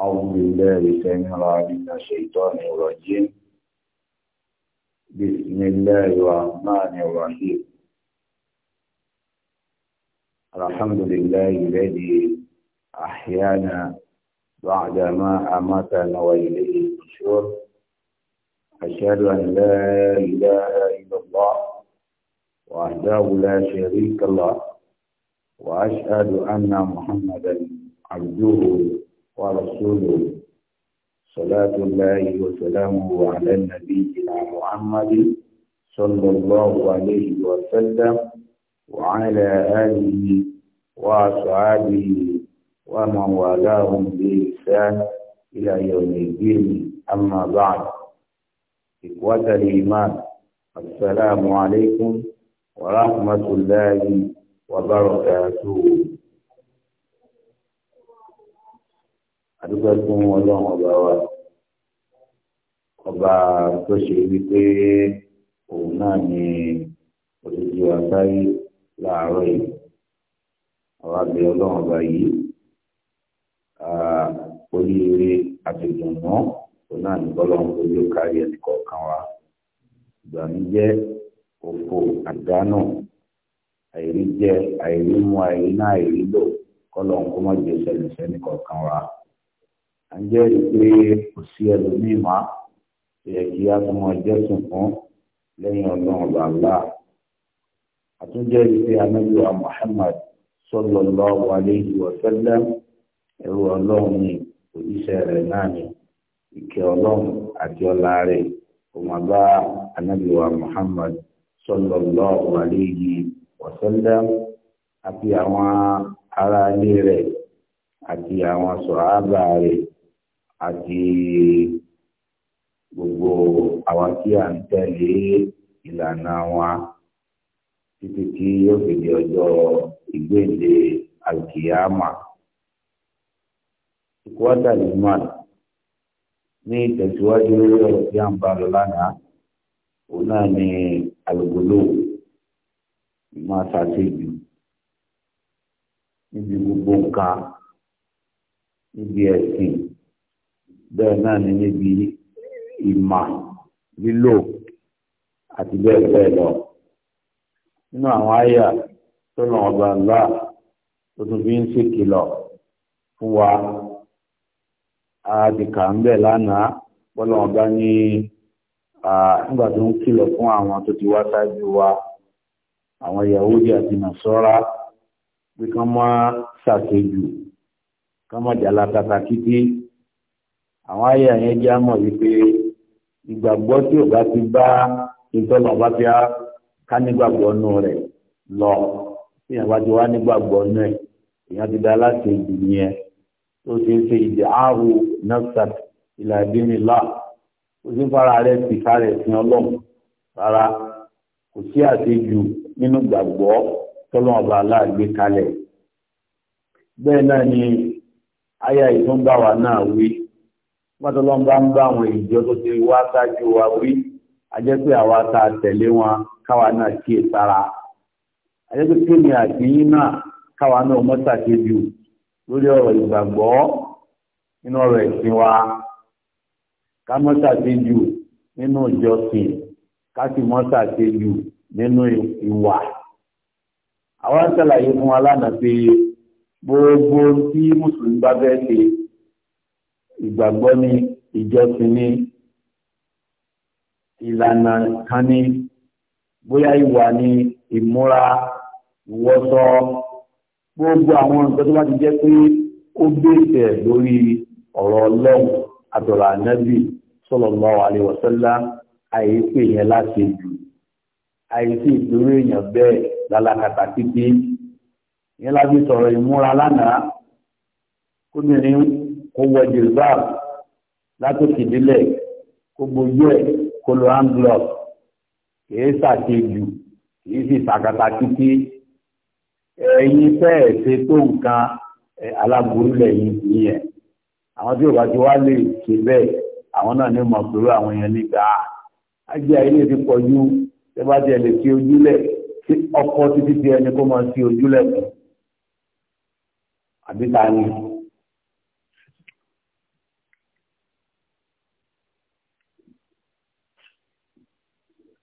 أعوذ بالله سميع العليم من الشيطان الرجيم بسم الله الرحمن الرحيم الحمد لله الذي أحيانا بعدما أماتنا وإليه النشور أشهد أن لا إله إلا الله وحده لا شريك له وأشهد أن محمدا عبده ورسوله صلاة الله وسلامه على النبي محمد صلى الله عليه وسلم وعلى آله وأصحابه ومن والاهم بإحسان إلى يوم الدين أما بعد إخوة الإيمان السلام عليكم ورحمة الله وبركاته àdúgbò fún ọlọ́run ọba wa ọba tó ṣe wípé òun náà ni òṣèlú àgbáyé láàárọ̀ yìí àwọn àgbẹ̀ ọlọ́run ọba yìí oríire àtìgbọ̀nà òun náà ní bọ́lọ́run tó yóò kárí ẹnì kọ̀ọ̀kan wa ìbànújẹ́ òfò àdánù àìrí jẹ àìrí mu àìrí náà àìrí lò kọ́lọ́run kó má jẹ́ sẹ́ni sẹ́ni kọ̀ọ̀kan wa à ń jẹ́rìí pé kò sí ẹlòmíì má ìyẹn kí á tún máa jẹ́sùn fún lẹ́yìn ọlọ́run bàbá àtúnjẹ́rìí pé anábíwá Muhammad sallallahu alayhi wa sallam ẹrú ọlọ́run ni òjíṣẹ́ rẹ̀ náà ni ìkẹ́ ọlọ́run àti ọlá rẹ̀ kò máa bá anábíwá Muhammad sallallahu alayhi wa sallam àti àwọn ará rẹ̀ àti àwọn sọ̀hábà rẹ̀ àti gbogbo àwa tí à ń tẹ̀lé ìlànà wa títí tí yóò fi di ọjọ́ ìgbéǹde alkiyama. Ìkúwátà lè máa ní ìtẹ̀síwájú lórí ọ̀rọ̀ tí a ń bá lọ lánàá òun náà ni àlùgbòlò máa ṣàṣejù níbi gbogbo nǹkan níbi ẹ̀sìn. bẹ́ẹ̀ náà ni níbi ìmà lílò àti bẹ́ẹ̀ bẹ́ẹ̀ lọ nínú àwọn àyà tó lọ ọba ńlá tó tún fi ń ṣèkìlọ̀ fún wa àdìkà ń bẹ lánàá bọ́lá ọba ní nígbà tó ń kìlọ̀ fún àwọn tó ti wá ṣáájú wa àwọn Yahudi àti Nasara pé kán má ṣàṣejù kán jà àwọn ayé àyẹn jẹ́ àmọ̀ wípé ìgbàgbọ́ tí ò bá ti bá ìtọ́lọ̀ bá fi ká nígbàgbọ́ nù rẹ̀ lọ tí èèyàn bá ti wá nígbàgbọ́ nù ẹ̀ èèyàn ti dá láti ìdì nìyẹn tó ṣe é ṣe ìdí àrù nafsat ìlà ìdínilá ó sì fara rẹ̀ ti kárẹ̀ sí ọlọ́run rárá kò sí àṣejù nínú gbàgbọ́ tọ́lọ́ ọba aláàgbé kalẹ̀ bẹ́ẹ̀ náà ni aya ìtúngbà wa náà wí pátó lọ́n bá ń bá àwọn ìjọ tó ti wá ṣáájú wa wí a jẹ́ pé àwa ta tẹ̀lé wọn káwa náà kíyè sára a jẹ́ pé kémi àti yín náà káwa náà mọ́tàkì jù lórí ọ̀rọ̀ ìgbàgbọ́ nínú ọ̀rọ̀ ẹ̀sìn wa ká mọ́tàkì nínú ìjọsìn ká sì mọ́tàkì nínú ìwà àwọn ṣàlàyé fún wa lánàá pé gbogbo tí mùsùlùmí bá fẹ́ ṣe ìgbàgbọ́ ní ìjọsìn ní ìlànà kan ní bóyá ìwà ní ìmúra ìwọṣọ gbogbo àwọn nǹkan tó bá ti jẹ́ pé ó bèèrè lórí ọ̀rọ̀ ọlọ́run àtọ̀rọ̀ ànábì sallallahu alaihi wasallam àìpé yẹn láti jù àìsí ìdúró èèyàn bẹ́ẹ̀ lálàkàtà títí yẹn láti sọ̀rọ̀ ìmúra lánàá kóbìnrin kó wọ jìlbáàbù látòkè délẹ̀ kó gbojú ẹ̀ kó lo handblock kìí ṣàṣejù kìí sì ṣàkàtà títí ẹ̀yin fẹ́ẹ̀ ṣe tó nǹkan aláburú lẹ́yìn yẹn àwọn tí òbá ti wá lè ṣe bẹ́ẹ̀ àwọn náà ní mọ̀ pẹ̀lú àwọn èèyàn nígbà ajé ayé ti pọ̀ ju tẹ́ bá tiẹ̀ lè fi ojúlẹ̀ tí ọkọ̀ títí ti ẹni kó máa fi ojúlẹ̀ kù àbí ta ni.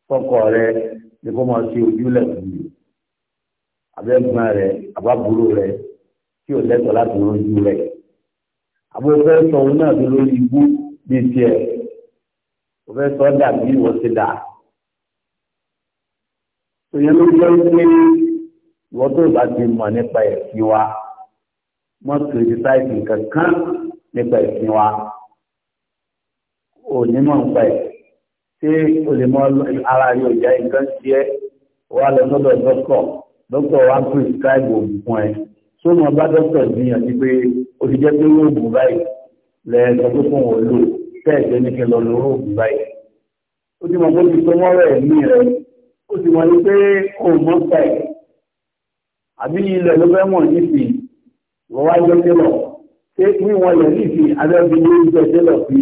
fọ́kọ rẹ ni kó máa ṣe ojúlẹ̀ fún mi abẹ́gbọ́n rẹ àbábúrò rẹ tí ò lẹ́tọ̀ọ́ láti rojú rẹ àbò fẹ́ sọ òun náà tó lórí ibú bíi tiẹ̀ ò fẹ́ sọ dàbí ìwọ ti dà tòyẹ ló jẹ́ pé ìwọ tó bá ti mọ̀ nípa ẹ̀sìn wa wọ́n kìrìtìsáìsì kankan nípa ẹ̀sìn wa ò ní mọ̀ nípa ẹ̀sìn ṣé o lè mọ ara yóò jẹ nǹkan sí ẹ wà lọ sọ́dọ̀ dókítà dókítà wa prescribe oògùn fún ẹ tó mọ bá dókítà gbìyàn sí pé o ti jẹ pé oògùn báyìí lẹ́ẹ̀sọ tó fún òun lò tẹ́ẹ̀jẹ́ ní kí n lọ lo oògùn báyìí ó ti mọ bó ti tó mọ́rọ̀ ẹ̀mí rẹ ó ti mọ ní pé o mọ́ pẹ̀ àbí ilẹ̀ ló fẹ́ mọ̀ nísìnyí wọ́n wá jẹ́ tẹ́lọ̀ ṣé wíwọ̀n yẹn nísìnyí abẹ́bí ní jẹ́ tẹ́lọ̀ fi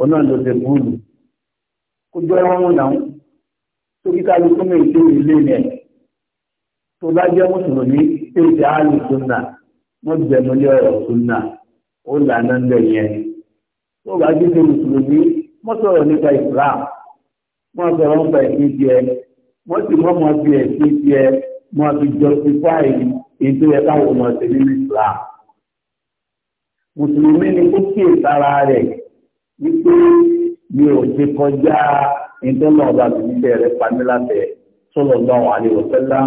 onáà ló ti búrú ojú ẹ̀wọ̀n wọn náà torí ká ló kọ́mọ̀ ètò ilé rẹ̀ tó bá jẹ́ mùsùlùmí èdè àlùsùnà wọ́n jẹ̀mú lé ọ̀rọ̀ sùnà ó lànà ń bẹ̀ yẹn tó bá jẹ́ ṣe mùsùlùmí wọ́n sọ̀rọ̀ nípa Islam wọ́n sọ̀rọ̀ nípa ẹ̀sìn tiẹ̀ wọ́n sì mọ́ mọ́ fi ẹ̀sìn tiẹ̀ mọ́ fi justify ètò yẹ káwọn ọmọ ṣe nínú Islam mùsùlùmí ni kó kíyè sára mi ò ti kọjá ìtọ́nà ọba àtúnṣe rẹ̀ pamí látẹ̀ sọ́lọ̀ lọ́wọ́ àlèwọ̀sẹ́lá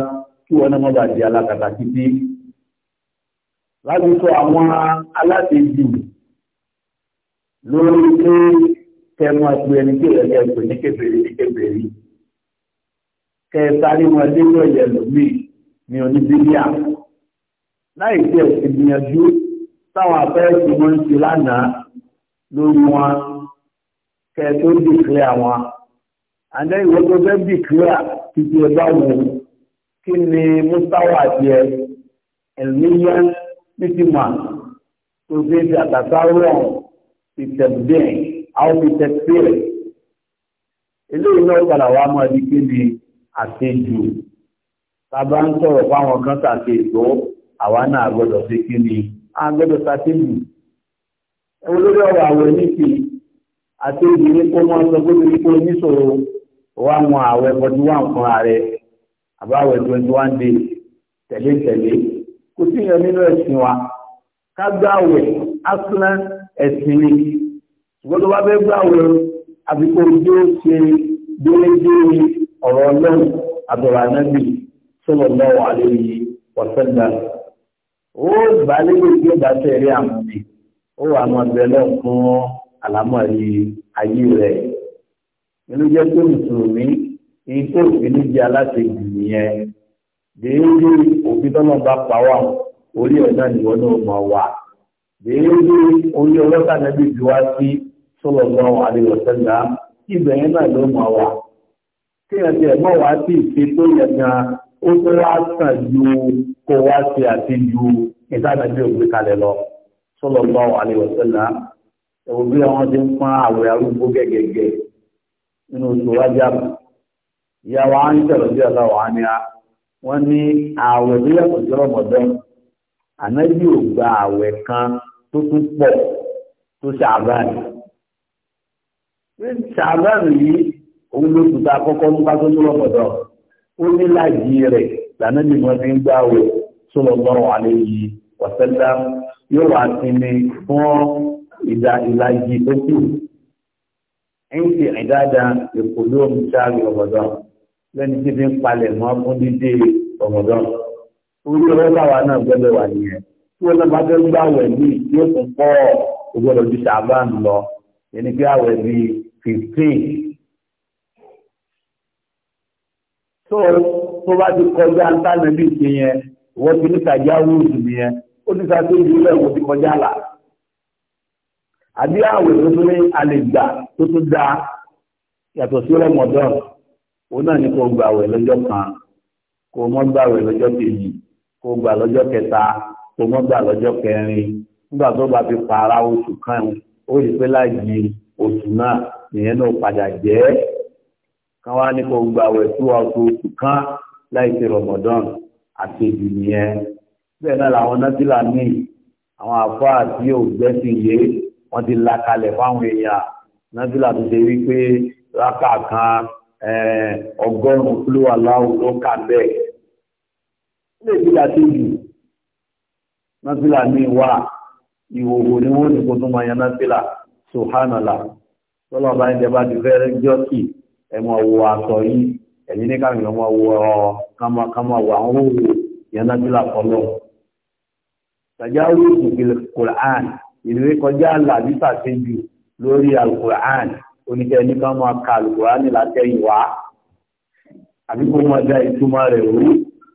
kí wọ́n náà bá di alákàtà títí. Láti sọ àwọn alátejì lórí pé kẹmọ ẹgbẹ́ ẹni tí ìrẹ̀lẹ̀ ẹgbẹ́ ní kébèrè ní kébèrè. Kẹsàárì wọn lérò ẹ̀yẹ lòmíì ní oníbíríà. Láì tí ẹ̀ ti gbìyànjú táwọn afẹ́ẹ̀sì wọn ń ṣe lánàá lórí wọn kẹ tó dìklẹ́ wọn àndẹ́ ìwé tó fẹ́ dìklẹ́ títí ẹ bá wù kí ni mustawa àti ẹ ẹ̀lmíyá mítímà tó fi ń fi àtàtàrọ̀ ìtẹ̀bùdẹ̀ àwọn ìtẹ̀pẹ̀rẹ̀ eléyìí náà padà wá mọ́ ẹni kí ni àtẹjù tàbá ń sọ̀rọ̀ fáwọn kan tàbí ètò àwa náà gbọ́dọ̀ sí kí ni a gbọ́dọ̀ sàtẹ́jù ẹwọ́n lórí ọ̀rọ̀ àwẹ̀ nífi àti obìnrin kó mọ́ sọ pé kí o níṣòro wá mọ àwẹ̀ forty one fún ààrẹ àbáwẹ̀ twenty one day tẹ̀léǹtẹ̀lé kò sí ìyẹn nínú ẹ̀sìn wa ká gbàwẹ̀ aslan ẹ̀sìn ni ṣùgbọ́n tó bá fẹ́ gbàwẹ̀ àfikún ojú ṣe déédéé ọ̀rọ̀ ọlọ́run àbọ̀rọ̀ ànábì sallallahu alaihi wa sallam ó gbà lérò tí ó bá tẹ̀lé àmì ó wà mọ̀ bẹ́ẹ̀ lọ fún ọ́ àlámọ̀rí ayé rẹ̀. Inú jẹ́ pé Mùsùlùmí ní tó òfin ní jẹ́ aláṣejù nìyẹn. Déédé òfin tọ́nà bá pa wà orí ẹ̀ náà nìwọ náà mọ̀ wá. Déédé orí ọlọ́ta nẹ́bí ju wá sí sallallahu alaihi wasallam ibẹ̀ yẹn náà ló mọ̀ wá. Kéèyàn ti ẹ̀gbọ́n wá sí ìṣe tó yẹ gan ó tó wá sàn ju kó wá ṣe àti ju ìdánilẹ́bí ògbé kalẹ̀ lọ sallallahu alaihi wasallam ẹ̀wọ̀n bí àwọn ti ń pọ́n àwẹ̀ arúgbó gẹ́gẹ́gẹ́ nínú oṣù rájà ìyàwó á ń tẹ̀lọ́ sí ọ̀làwọ̀ á ní a wọ́n ní àwẹ̀ tó yàtọ̀ sí ọmọdún ànábì ò gba àwẹ̀ kan tó tún pọ̀ tó ṣàbáàlì ṣàbáàlì yìí òun ló tún ta kọ́kọ́ nípa tó tún ọmọdún ó ní láàyè rẹ̀ lànàbì wọn ti ń gbà àwẹ̀ sallallahu alayhi wa sallam yóò wá sí ni fún ìdá ìlàjì tó kù ń ṣe ìdáda ìpolú omiṣáàrí ọ̀gọ̀dọ̀ lẹ́ni tí fi ń palẹ̀ mọ́ fún dídé ọ̀gọ̀dọ̀ orí ọwọ́ báwa náà gbọ́dọ̀ wà nìyẹn tí wọ́n bá fẹ́ gbà wẹ̀ ní yóò tún pọ̀ ògbọ́dọ̀ ju ṣàbán lọ ẹni pé àwẹ̀ bíi fifteen. tó tó bá ti kọjá ntánẹ́bí ṣe yẹn wọ́n ti ní tàjà wúùsù nìyẹn ó ti sá tó ìdílé ẹ̀ kò ti kọjá là àbí àwẹ̀ tó tún ní alègbà tó tún dá yàtọ̀ sí rẹmọdán òun náà ni kò gbàwẹ̀ lọ́jọ́ kan kò mọ́ gbàwẹ̀ lọ́jọ́ kejì kò gbà lọ́jọ́ kẹta kò mọ́ gbà lọ́jọ́ kẹrin nígbà tó bá fi para oṣù kan ó rí pé láàyè oṣù náà nìyẹn náà padà jẹ́ kan wá ní kò gbàwẹ̀ tó ọ̀tọ̀ oṣù kan láì ṣe rọmọdán àti èdè nìyẹn bẹ́ẹ̀ náà làwọn nọ́tìlà míì àwọn àfọ́ àti ògbẹ́sìn yìí wọ́n ti là kalẹ̀ fáwọn èèyàn náfìlà tó ṣe wí pé rákà kan ọgọ́rùn-ún kúló aláwo ló kà bẹ́ẹ̀. ilé ìfìlà ti jù náfìlà míì wà ìwòwò ni wọ́n ní kó tún máa yan náfìlà subhanallah tọ́lọ́ bá ń jẹba ti fẹ́ jọ́kì ẹ̀ mọ̀ wo aṣọ yìí ẹ̀yìn ní káàkiri ọmọ wo ọ kama wà ń wò yẹn náfìlà fọlọ́. tajawizu fil Qur'an ìrírí kọjá àlà nípa ṣéjù lórí alukur'an oníkẹ́ ní kan máa ka alukur'an látẹ̀yìn wá àbí kó máa dá ìtumọ̀ rẹ̀ rú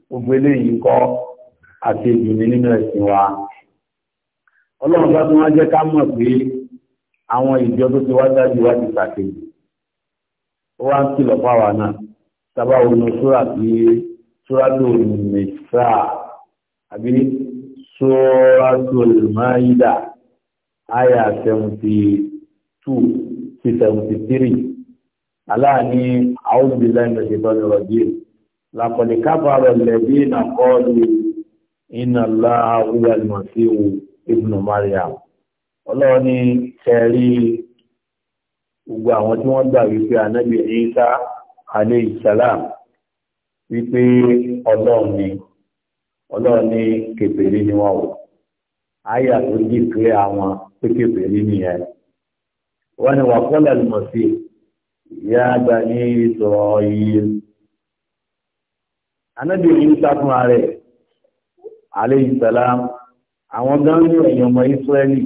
gbogbo eléyìí kọ́ àti ìdùnnú nínú ẹ̀sìn wa. ọlọ́run bá tún wá jẹ́ ká mọ̀ pé àwọn ìjọ tó ti wá dájú wá ti ṣàkejì ó wá ń kìlọ̀ fáwa náà sábà wọnú sóra bí sóra tó nìsáà àbí sóra tó máa yí dáa àyà seventy two sí seventy three aláàní a'udhu billahi minash shaitanir rajim laqad kafara alladhina qalu inna Allaha huwa al-masihu ibn Maryam ọlọ́run ní kẹrí gbogbo àwọn tí wọ́n gbà wípé anábì Ìsá alayhi salam wípé ọlọ́run ni ọlọ́run ni wọ́n wò áyà tó dìklẹ́ àwọn kékeré rí nìyẹn wọ́n ní wà kọ́lá lùmọ̀sí ìyá àgbà ní sọ̀rọ̀ yìí anábì yìí sáfún ààrẹ alẹ́ ìsàlá àwọn gánú èèyàn ọmọ ìsírẹ́lì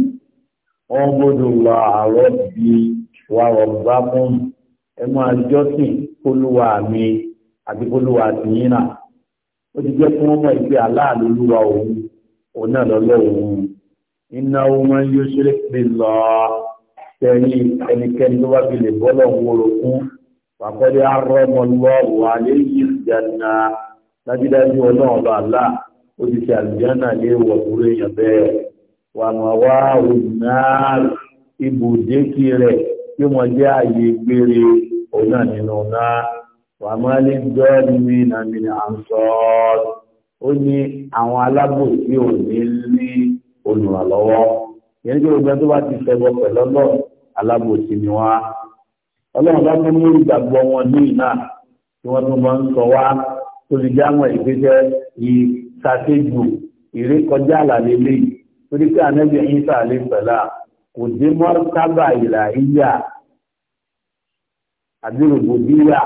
wọ́n gbọ́dọ̀ wà àárọ̀ bí wà ọ̀bá fún ẹ máa kólúwà mi àti kólúwà tìyínà ó ti jẹ́ fún ọmọ ìpè aláàlú lúwa òun òun náà lọ́lọ́ òun innahu man yushrik billah tẹ̀lé ẹnikẹ́ni tó bá fi lè bọ́lọ̀ wọ́rọ̀kún pàkọ́lé arọ́mọlúwà wà léyìí ìjànà dájúdájú ọlọ́ọ̀lọ́ àlá ó ti ṣe àlùjánà lé wọ̀búrú èèyàn bẹ́ẹ̀ wà máa wá òmìnira ibùdókì rẹ̀ tí wọ́n jẹ́ àyè gbére òun nínú náà wà máa lè dọ́ọ̀lù mi nàmì àǹsọ́ọ̀lù ó ní àwọn alábòsí òní rí olùrànlọ́wọ́ yẹn ní gbogbo tó bá ti ṣẹbọ pẹ̀lú ọlọ́run alábòsí ni wá ọlọ́run bá tún mú ìgbàgbọ́ wọn ní ìná tí wọ́n tún máa ń sọ wá tó lè jáwọn ìgbésẹ̀ ìsàkéjù ìrékọjá àlàlé léyìí torí pé ànábì ìsà lè pẹ̀lá kò dé mọ́ sábà ìlà ìyá àbí rògbòdìyà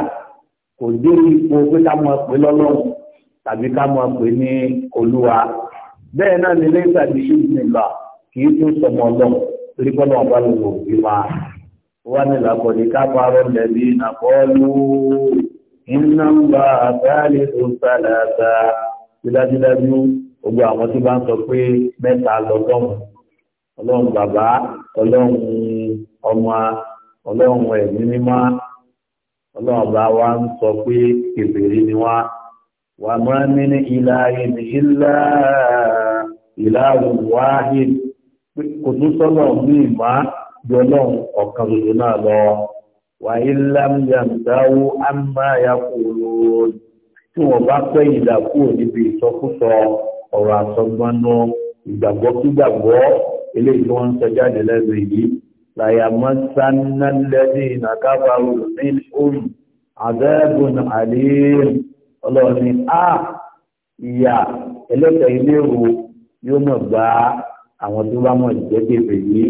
kò dé ipò pé ká mọ̀ pé lọ́lọ́run tàbí ká mọ̀ pé ní olúwa bẹ́ẹ̀ náà ni lẹ́yìn tàbí ṣe ìgbà kì í tún sọmọ ọlọ́run torí kọ́nà ọba ló wò bí wa wá ní làkọ̀dé káfárọ́ lẹ́bí nàkọ́lù iná ń ba àbáyé tó sálàtà dídájúdájú gbogbo àwọn tí bá ń sọ pé mẹ́ta lọ́gọ́rùn ọlọ́run bàbá ọlọ́run ọmọ ọlọ́run ẹ̀mí mímọ́ ọlọ́run bá wa ń sọ pé kèfèrí ni wá wà máa ń ní ilá ìlú ìlàrú wáhí kò tún sọ́nà mí ìmá jọlọ́ ọ̀kan náà lọ. wàyí lámìyàndáwó amáyàkúrò tí wọ́n bá pẹ́ ìdàkú níbi ìsọkúsọ ọ̀rọ̀ àsọgbọ́nú ìgbàgbọ́kígbàgbọ́ eléyìí wọ́n ń sọ lẹ́nu yìí làyàmọ́ sánálẹ́dì nàkàbàrò ní òòlù àbẹ́bùn àlè ọlọ́ọ̀ni a ẹlẹ́tẹ̀ẹ́ ilé yóò mọ̀ gba àwọn tó bá mọ̀ ìgbẹ́kẹ̀fẹ̀ yìí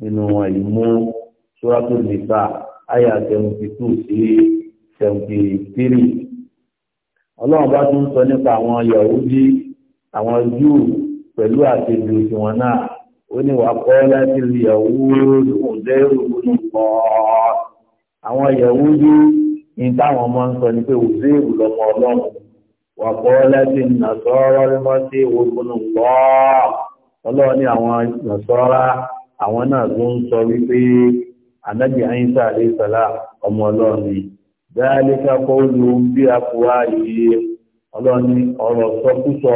nínú wọn yìí mú sóràtò nípa àyà seventy two sí seventy three ọlọ́run bá tún sọ nípa àwọn yahudi àwọn júù pẹ̀lú àtẹ̀lù tiwọn náà ó ní wàá kọ́ láti lè yahudi òǹdẹ́rù olùkọ́ àwọn yahudi ní táwọn máa ń sọ ni pé òǹdẹ́rù lọmọ ọlọ́run. وقالت النصارى المسيح ابن الله ọlọ́run ní àwọn nàṣọ́rá àwọn náà tó ń sọ wípé anábì àyíṣà àdéṣàlá ọmọ ọlọ́run ni dáálẹ́ká kọ́ ló ń bí apùwá yìí ọlọ́run ní ọ̀rọ̀ sọkúsọ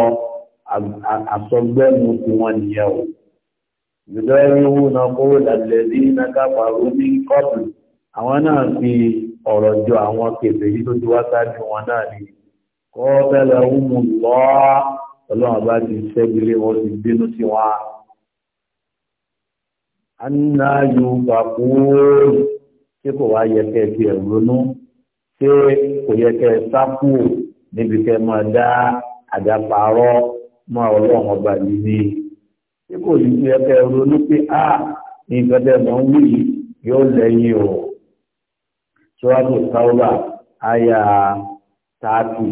àsọgbẹ́nu tí wọ́n nìyẹn o ìdọ́rẹ́wò náà kó làlẹ́rí náà kápáró ní kọ́pù àwọn náà fi ọ̀rọ̀ jọ àwọn kèfèrí tó ti wá sáájú wọn náà nìyẹn kọ́ọ́tẹ́lẹ̀ ọmọ lọ́ ọlọ́run bá ti ṣẹ́gbẹ̀rẹ̀ wọ́n ti bínú sí wa anna yóò gbà kó ṣé kò wá yẹ kẹ́ fi ẹ̀rọnú ṣé kò yẹ kẹ́ sákò níbi kẹ́ máa dá àdàpàrọ̀ mọ́ ọlọ́run ọba yìí ni ṣé kò yí yẹ kẹ́ ronú pé a nǹkan tẹ́ mọ̀ ń wí yóò lẹ́yìn o ṣọ́wọ́n tó sáwọ́bà áyà tààtì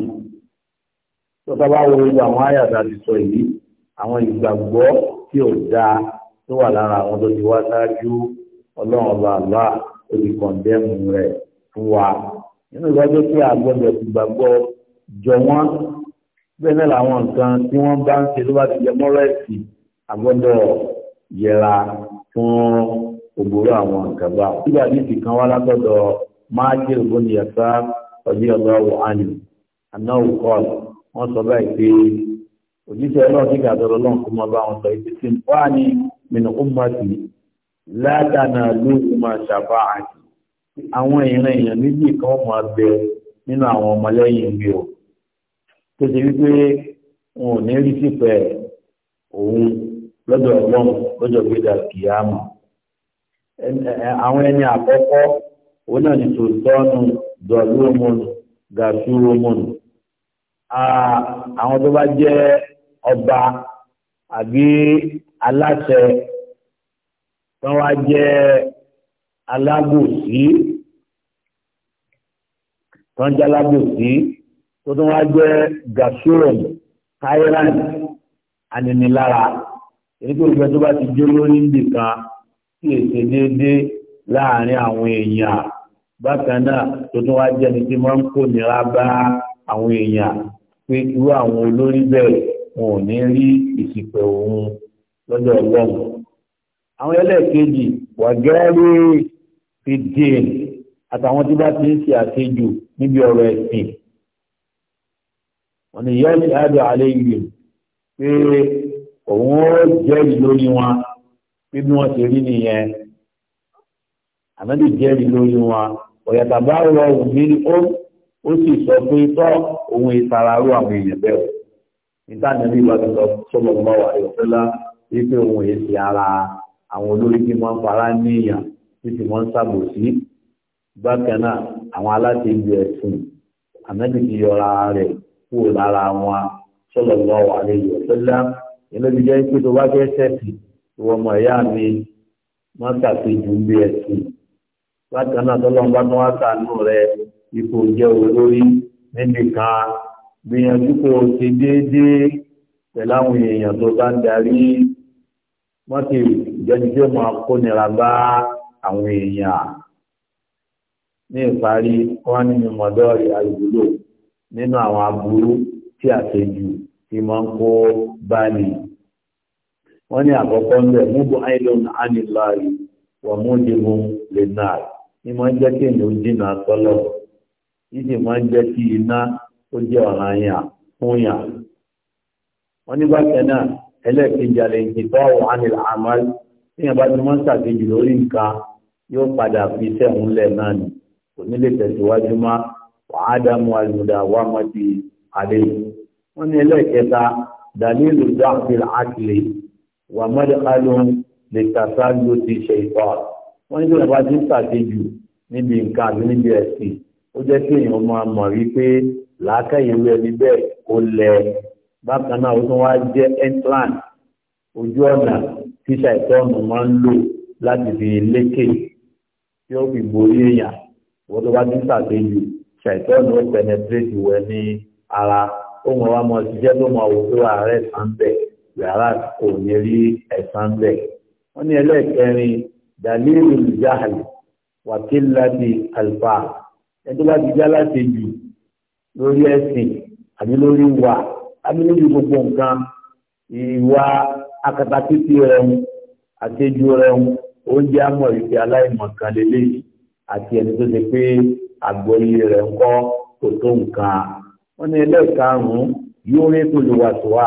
tó bá wá wo gbogbo àwọn àyàtà ti sọ yìí àwọn ìgbàgbọ́ tí ò dáa tó wà lára àwọn tó ti wá ṣáájú ọlọ́run ọba àlá olùkọ̀ndẹ́mù rẹ̀ fún wa nínú ìgbàgbọ́ pé àgbọ̀dọ̀ ti gbàgbọ́ jọ wọ́n bẹ́ẹ̀ náà làwọn nǹkan tí wọ́n bá ń ṣe ló bá ti jẹ mọ́rọ̀ ẹ̀sìn àgbọ̀dọ̀ yẹra fún ògbóró àwọn nǹkan nígbà tí ìdí wá látọ̀dọ̀ máa ògbóni ẹ̀sán ọdí ọlọ́wọ́ àná àná òkọ́ọ̀lù wọ́n sọ báyìí pé òjíṣẹ́ ọlọ́run ti gàdọ̀ ọlọ́run kó máa bá wọn sọ tí ní mìíràn ó máa sì ládàáná ló máa ṣàfà àti àwọn ìran èèyàn méjì kan máa bẹ nínú àwọn ọmọlẹ́yìn mi o tó ṣe wípé wọn ò ní rí sípẹ́ òun lọ́dọ̀ ọlọ́run gbéga àwọn ẹni àkọ́kọ́ òun náà ní tòótọ́ nù dọ̀lú gàṣú àwọn tó bá jẹ́ ọba àbí aláṣẹ tó wá jẹ́ alábòsí tó ń jẹ́ alábòsí tó tún wá jẹ́ gasuron tyrant aninilára èyí tó gbẹ tó bá ti jó lórí nìkan tí èsè déédéé láàrin àwọn èèyàn bákan náà tó tún wá jẹ́ ni tí máa ń kó nira bá àwọn èèyàn pé irú àwọn olórí bẹ́ẹ̀ wọn ò ní rí ìsìnkú òun lọ́dọ̀ ọlọ́run. àwọn ẹlẹ́ẹ̀kejì wàgẹ́rẹ́ fi dín àtàwọn tí bá ti ń ṣe àṣejù níbi ọ̀rọ̀ ẹ̀sìn. wọ́n ní yẹ́nì àdó àlẹ́ yìí pé òun ó jẹ́rìí lórí wọn pé bí wọ́n ṣe rí nìyẹn àmọ́ lè jẹ́rìí lórí wọn ọ̀yàtàbá rọrùn ní ó ó sì sọ pé tọ́ òun ìtararó àwọn èèyàn bẹ́ẹ̀ ìtànàbí ìbàdàn lọ sọ́mọ ọmọ wa ìrọ̀fẹ́lá wípé òun èsì ara àwọn olórí tí wọ́n ń fara níyàn títí wọ́n ń ṣàbòsí bákan náà àwọn alátẹ̀jù ẹ̀sìn ànábì ti yọra rẹ̀ kúrò lára wọn sọ́lọ̀ lọ wà ní ìrọ̀fẹ́lá ìlẹ́bi jẹ́ pé tó bá fẹ́ sẹ́sì ìwọ̀n ọmọ ìyá mi wọ́n ṣàpèjú bí ẹ̀sìn bákan náà tọ́lọ́n bá n'ụlọ wá sàánú rẹ ipò jẹ́ olórí níbi kan gbìyànjú kó o ṣe déédéé pẹ̀lú àwọn èèyàn tó bá ń darí wọ́n ti jẹ́ni tí ó máa kó nira bá àwọn èèyàn ní ìparí wọ́n ní mọ̀dọ́rì nínú àwọn aburú tí kó báni wọ́n ní àkọ́kọ́ ń bẹ̀ ní máa ń jẹ́ kí èèyàn ó jìnà sọ́lọ̀ yìí sì máa ń jẹ́ kí iná ó jẹ́ ọ̀ràn yàn fún yàn. wọ́n ní bákan náà ẹlẹ́ẹ̀kejì alẹ́ ìjìbá ọ̀hánil àmàl téèyàn bá ti máa ń ṣàkejì lórí nǹkan yóò padà fi iṣẹ́ òun lẹ̀ náà ni kò ní lè tẹ̀síwájú má wàhádàmú àlùmọ̀dà wà má ti àlẹ́ wọ́n ní ẹlẹ́ẹ̀kẹta dalilu dáhùn àkìlẹ̀ wà mọ́dẹ́kálùn lè tàṣáájú ti ṣe ìtọ́ wọ́n nígbà bá ti ń pàtẹ́jù níbi nǹkan àbí níbi ẹ̀sìn ó jẹ́ kí èèyàn máa mọ̀ wípé làákàyè rẹ̀ ní bẹ́ẹ̀ ó lẹ̀ bákan náà ó tún wá jẹ́ entland ojú ọ̀nà tí ṣàìtọ́nù máa ń lò láti fi lékè tí ó fi borí èèyàn wọ́n tó bá ti ń pàtẹ́jù ṣàìtọ́nù ó penetrate wẹ̀ ní ara ó mọ̀ wá mọ̀ ṣiṣẹ́ tó mọ̀ wò pé ààrẹ ẹ̀sán bẹ̀ yàrá kò ní rí ẹ̀sán bẹ̀ wọ́n ní ẹlẹ́ẹ̀kẹrin dalilul jahl wa qillati al-fahm ẹni tó bá ti já láti jù lórí ẹ̀sìn àbí lórí wà àbí lórí gbogbo nǹkan ìwà akatakítí rẹ̀ ń àtẹ́jú rẹ̀ ń oúnjẹ àmọ̀ ìfẹ́ aláìmọ̀kan lélẹ́yìí àti ẹni tó ṣe pé àgbọ́yé rẹ̀ ń kọ́ kò tó nǹkan. wọ́n ní ẹlẹ́ẹ̀karùn-ún yóò rí tòlùwàtòwà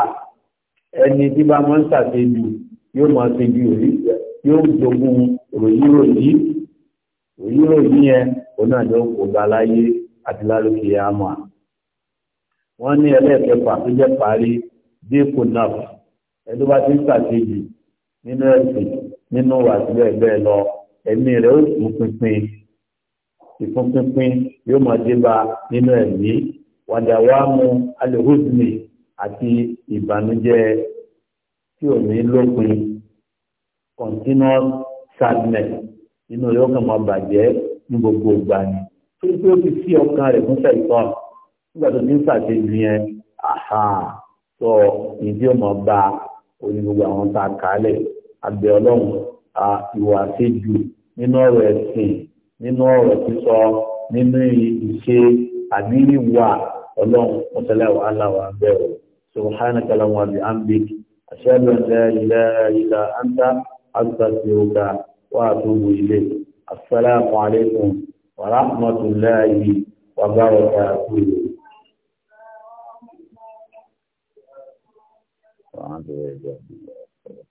ẹni tí bá máa ń ṣàṣejù yóò máa ṣe ju yóò jogun ròyìnròyìn ròyìnròyìn yẹn oná ló kò bá láyé àti lálùkì àmà wọ́n ní ẹlẹ́ẹ̀kẹfà tó jẹ́ parí dínkù náà ẹni bá ti ń ṣàkejì nínú ẹ̀sìn nínú wà síbẹ̀ bẹ́ẹ̀ lọ ẹ̀mí rẹ̀ ó kún pínpín ìfúnpínpín yóò máa dé bá nínú ẹ̀mí wàdàwámu alẹ́hùsùnì àti ìbànújẹ́ tí ò lópin continuous sadness nínú yóò kàn máa bàjẹ́ ní gbogbo ìgbà ni torí pé ó fi sí ọkàn rẹ̀ fún sẹ́yìntàn nígbà tó ti ń ṣàṣejù yẹn àhà tó ìdí ọmọ bá oní gbogbo àwọn tá a kálẹ̀ àgbẹ̀ ọlọ́run ìwà àṣejù nínú ọ̀rọ̀ ẹ̀sìn nínú ọ̀rọ̀ sísọ nínú ìṣe àbí ìwà ọlọ́run mọ́tẹ́lẹ̀ wàhálà wà bẹ́ẹ̀ o subhanaka lahumma bi amdik ashhadu an la ilaha illa anta. أستغفرك وأتوب إليك السلام عليكم ورحمة الله وبركاته وعن ذلك